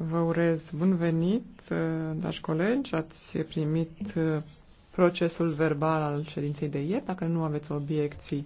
Vă urez bun venit, uh, dragi colegi. Ați primit uh, procesul verbal al ședinței de ieri. Dacă nu aveți obiecții,